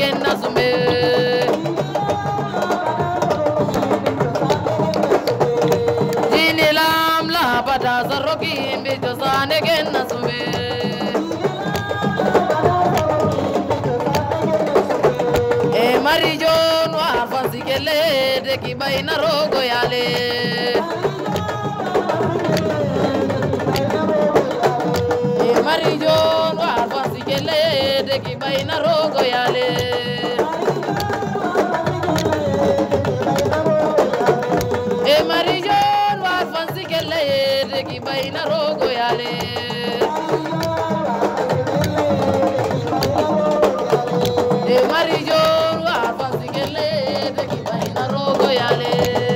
again, doesn't Amen.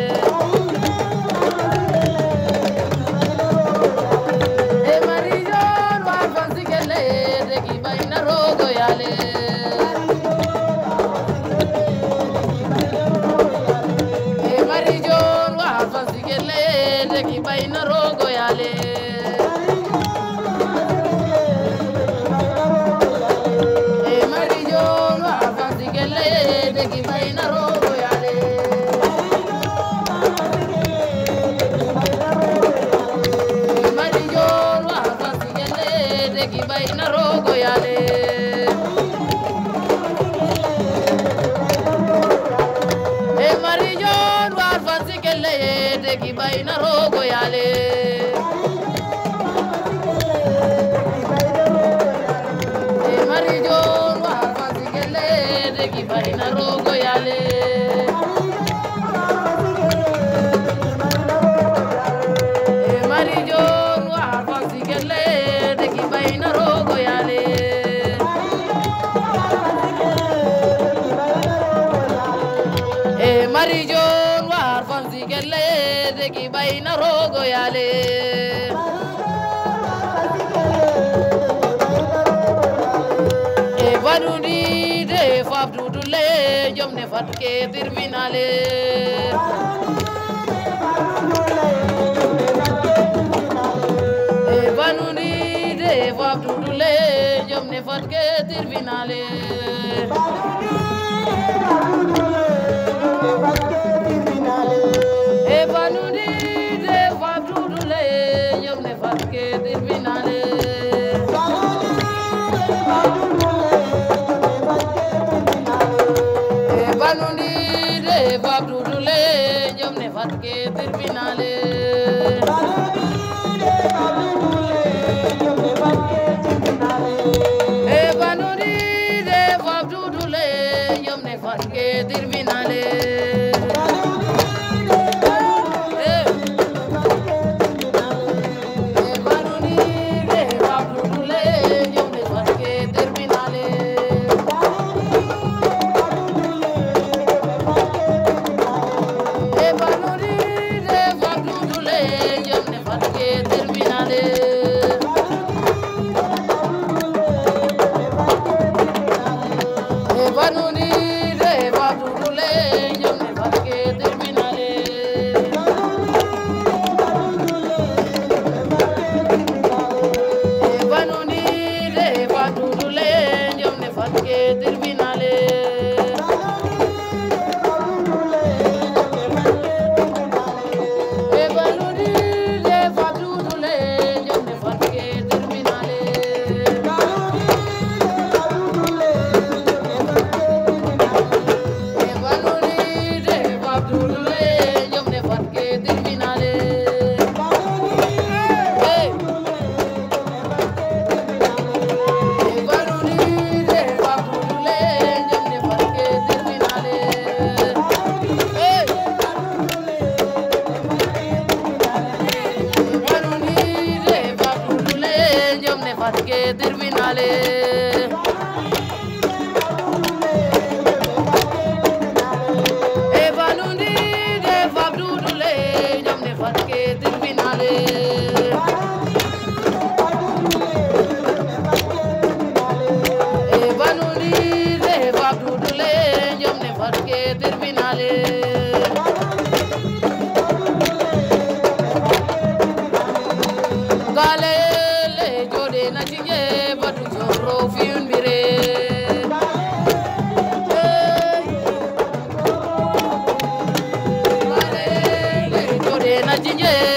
que terminaré. Evanuni de Vabdule, Yomne Fat que terminaré.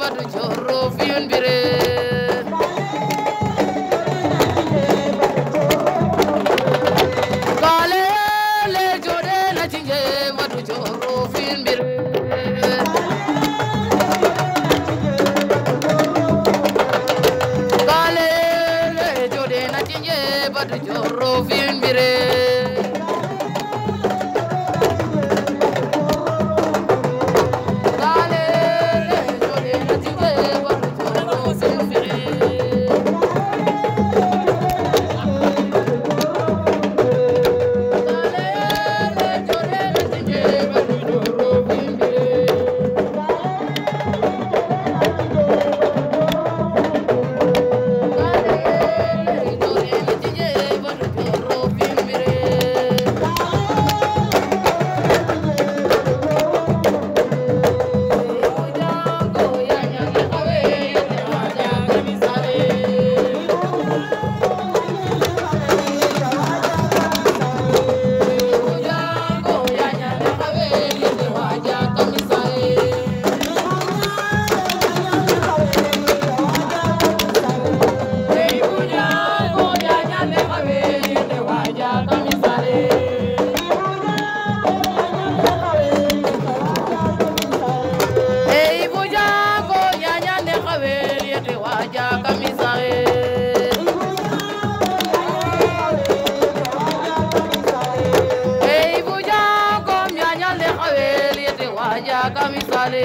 badu joro fiyun bire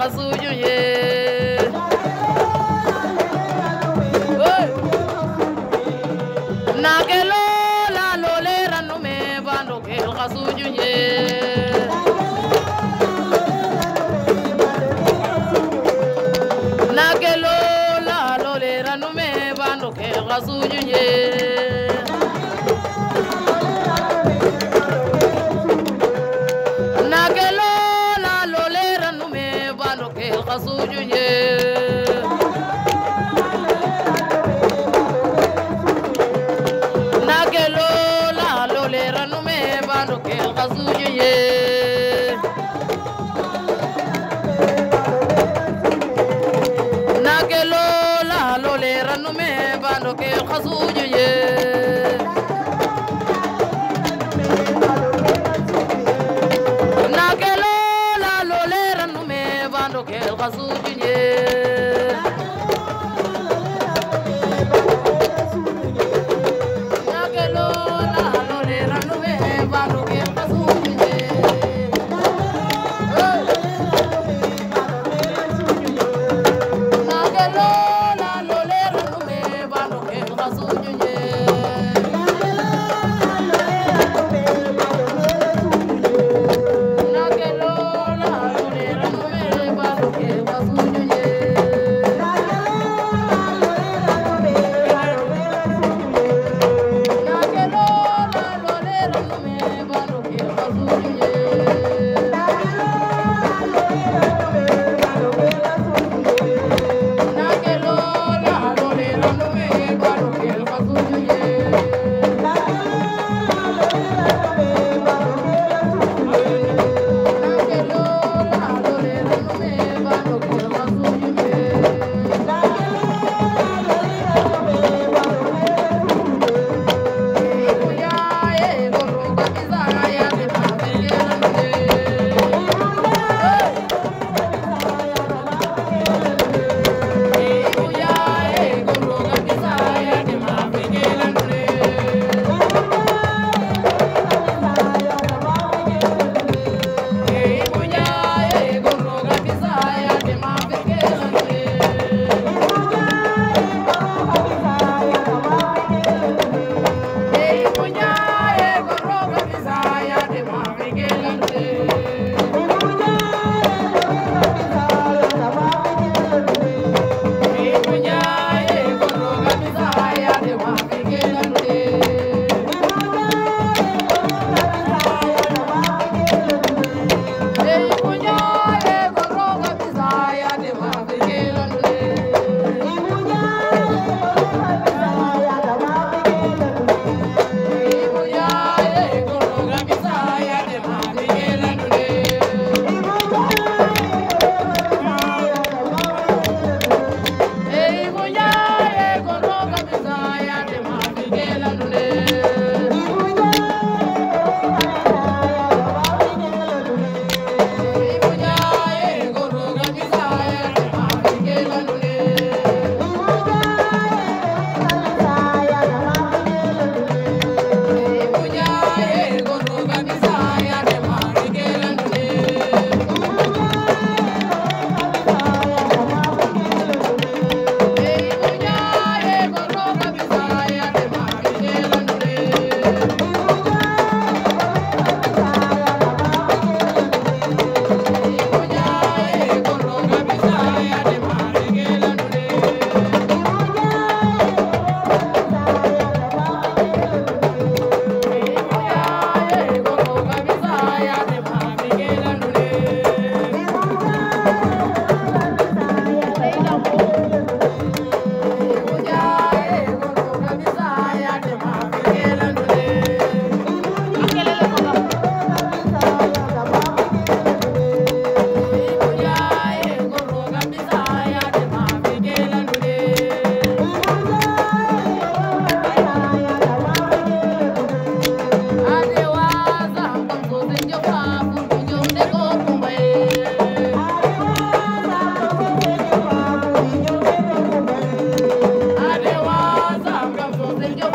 twasuzuye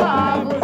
బాబు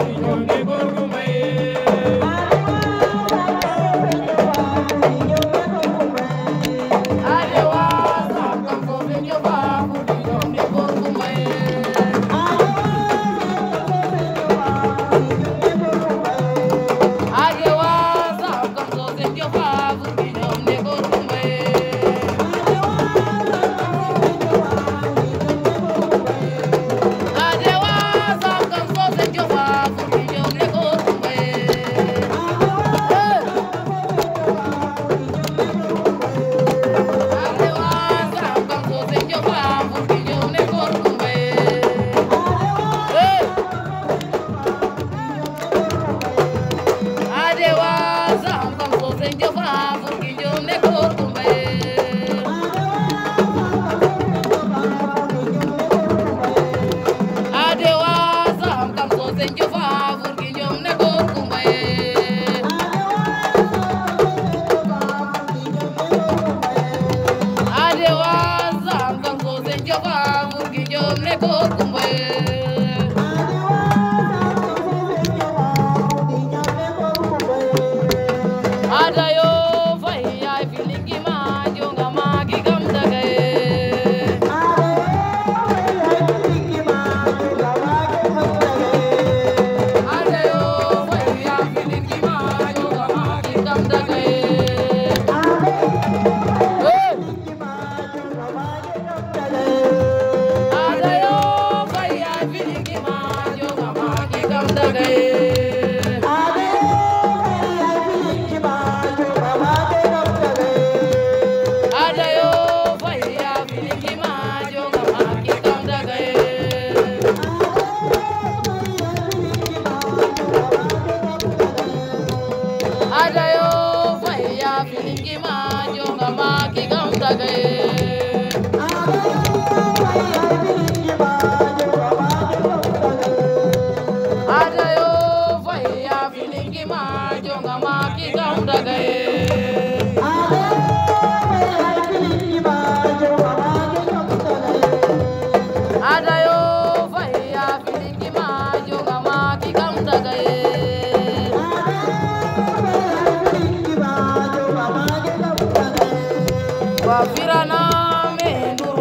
Senhor,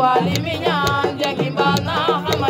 wali mi ñaan jagi mbaa naa xama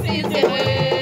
Brasil.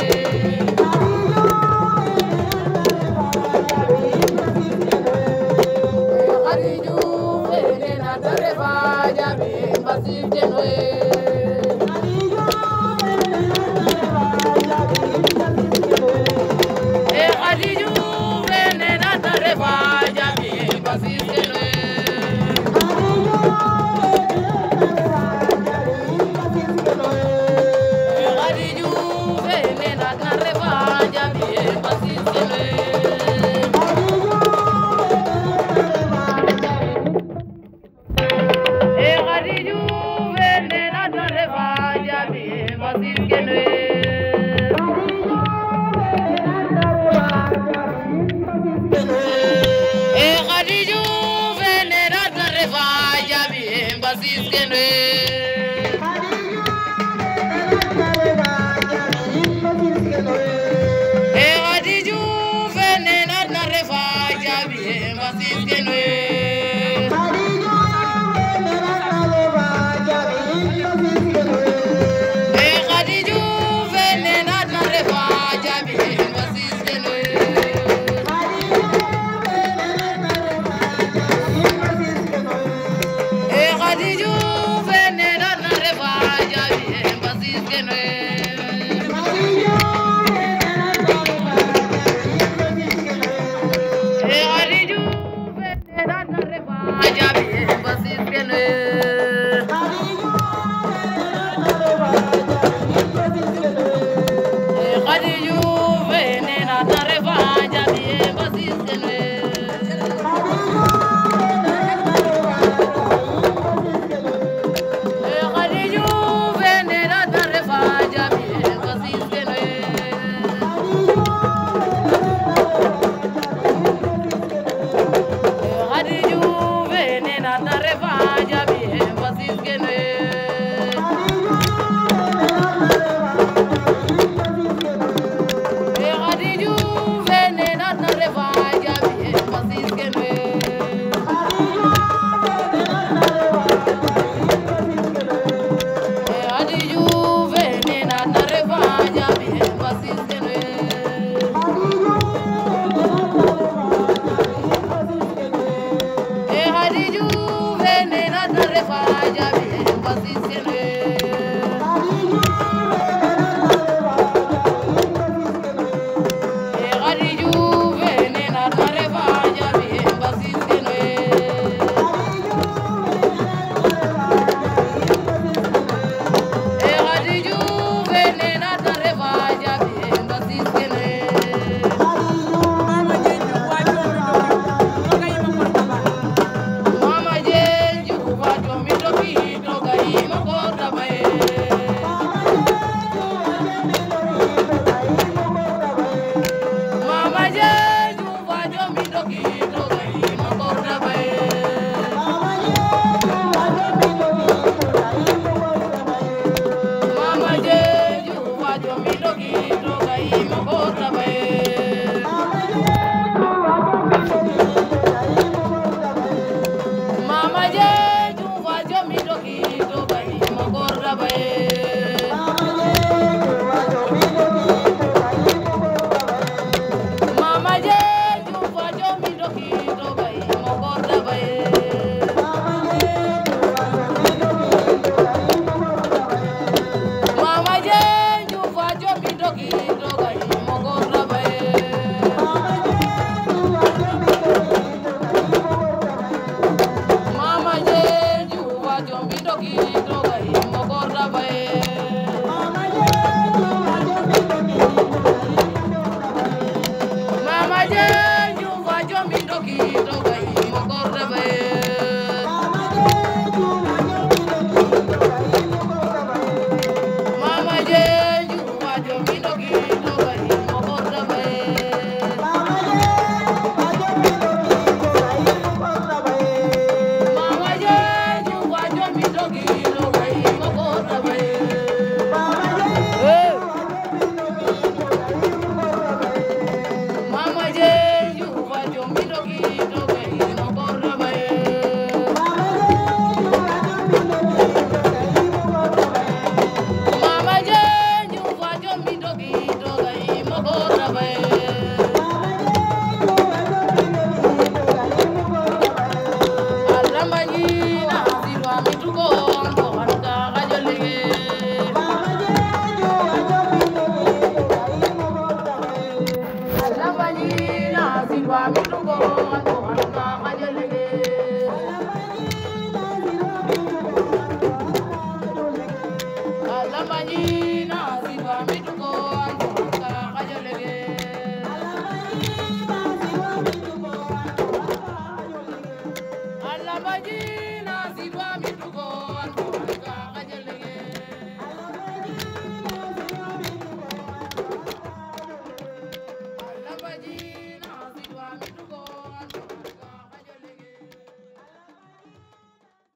mi dogi